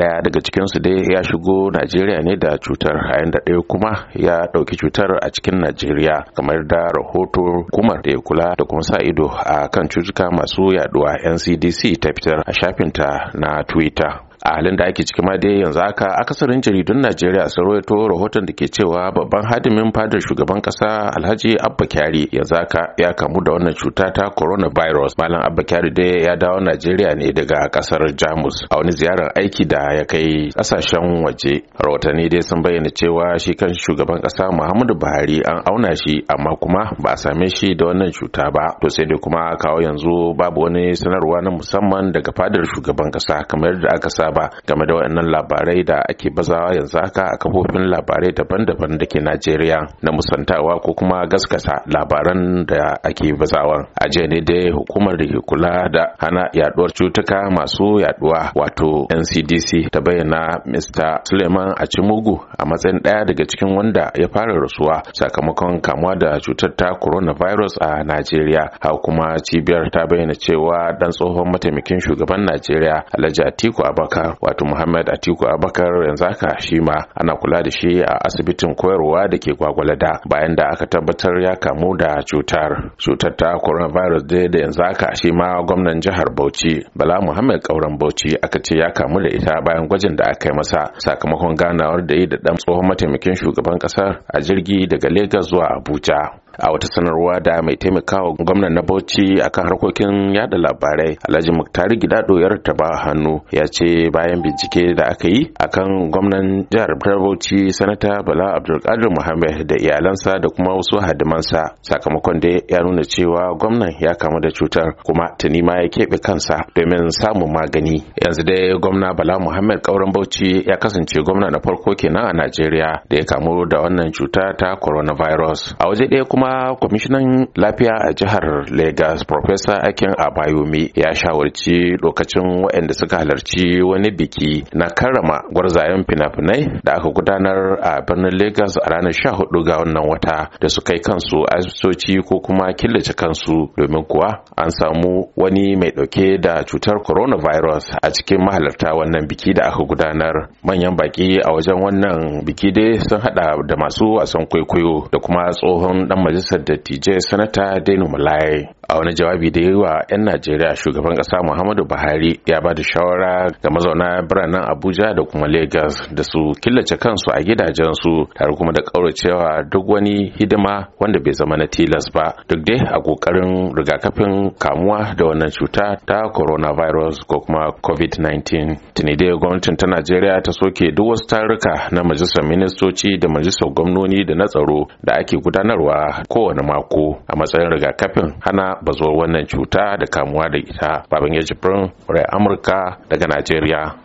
daya daga cikinsu dai ya shigo najeriya ne da cutar a da ɗaya kuma ya ɗauki cutar a cikin najeriya kamar da rahoto kuma da ya kula da kuma sa ido a kan cutuka masu yaduwa ncdc ta fitar a shafinta na twitter a halin da ake ciki ma dai yanzu haka akasarin jaridun najeriya sun rawaito rahoton da ke cewa babban hadimin fadar shugaban kasa alhaji abba kyari yanzu haka ya kamu da wannan cuta ta coronavirus malam abba kyari dai ya dawo najeriya ne daga kasar jamus a wani ziyarar aiki da ya kai kasashen waje rahotanni dai sun bayyana cewa shi kan shugaban kasa muhammadu buhari an auna shi amma kuma ba a same shi da wannan cuta ba to sai dai kuma kawo yanzu babu wani sanarwa na musamman daga fadar shugaban kasa kamar da aka saba ba game da waɗannan labarai da ake bazawa yanzu haka a kafofin labarai daban-daban da ke Najeriya na musantawa ko kuma gaskata labaran da ake bazawa. A jiya ne dai hukumar da ke kula da hana yaduwar cutuka masu yaduwa wato NCDC ta bayyana Mr. Suleiman Achimugu a matsayin ɗaya daga cikin wanda ya fara rasuwa sakamakon kamuwa da cutar ta coronavirus a Najeriya. Haka kuma cibiyar ta bayyana cewa dan tsohon mataimakin shugaban Najeriya Alhaji Atiku abaka Abubakar wato Muhammad Atiku Abakar yanzu haka shi ma ana kula da shi a asibitin koyarwa da ke Gwagwalada bayan da aka tabbatar ya kamu da cutar. Cutar ta coronavirus dai da yanzu haka shi ma gwamnan jihar Bauchi Bala Muhammad Kauran Bauchi aka ce ya kamu da ita bayan gwajin da aka yi masa sakamakon ganawar da yi da dan tsohon mataimakin shugaban kasar a jirgi daga Lagos zuwa Abuja. a wata sanarwa da mai taimakawa gwamnan na bauchi akan harkokin yada labarai alhaji muktari gidado ya ba hannu ya ce bayan bincike da aka yi akan gwamnan jihar bauchi sanata bala abdulkadir muhammad da iyalansa da kuma wasu hadimansa sakamakon da ya nuna cewa gwamnan ya kamu da cutar kuma tuni ma ya keɓe kansa domin samun magani yanzu dai gwamna bala muhammad kauran bauchi ya kasance gwamna na farko kenan a najeriya da ya kamu da wannan cuta ta coronavirus a waje ɗaya kuma kuma kwamishinan lafiya a jihar Legas professor akin abayomi ya shawarci lokacin waɗanda suka halarci wani biki na karrama gwarzayen fina-finai da aka gudanar a birnin Legas a ranar 14 ga wannan wata da su kai kansu asibitoci ko kuma killace kansu domin kuwa an samu wani mai ɗauke da cutar coronavirus a cikin mahalarta wannan biki da aka gudanar manyan baki a wajen wannan biki dai sun hada da masu wasan kwaikwayo da kuma tsohon dan majalisar dattijai sanata Dino mulaye a wani jawabi da yi wa 'yan najeriya shugaban kasa muhammadu buhari ya ba da shawara ga mazauna biranen abuja da kuma lagos da su killace kansu a gidajensu tare kuma da kauracewa duk wani hidima wanda bai zama na tilas ba duk dai a kokarin rigakafin kamuwa da wannan cuta ta coronavirus ko kuma covid-19 tuni dai gwamnatin ta najeriya ta soke duk wasu taruka na majalisar ministoci da majalisar gwamnoni da na tsaro da ake gudanarwa kowane mako a matsayin rigakafin hana bazuwar wannan cuta da kamuwa da ita baban ya jibrin murai amurka daga najeriya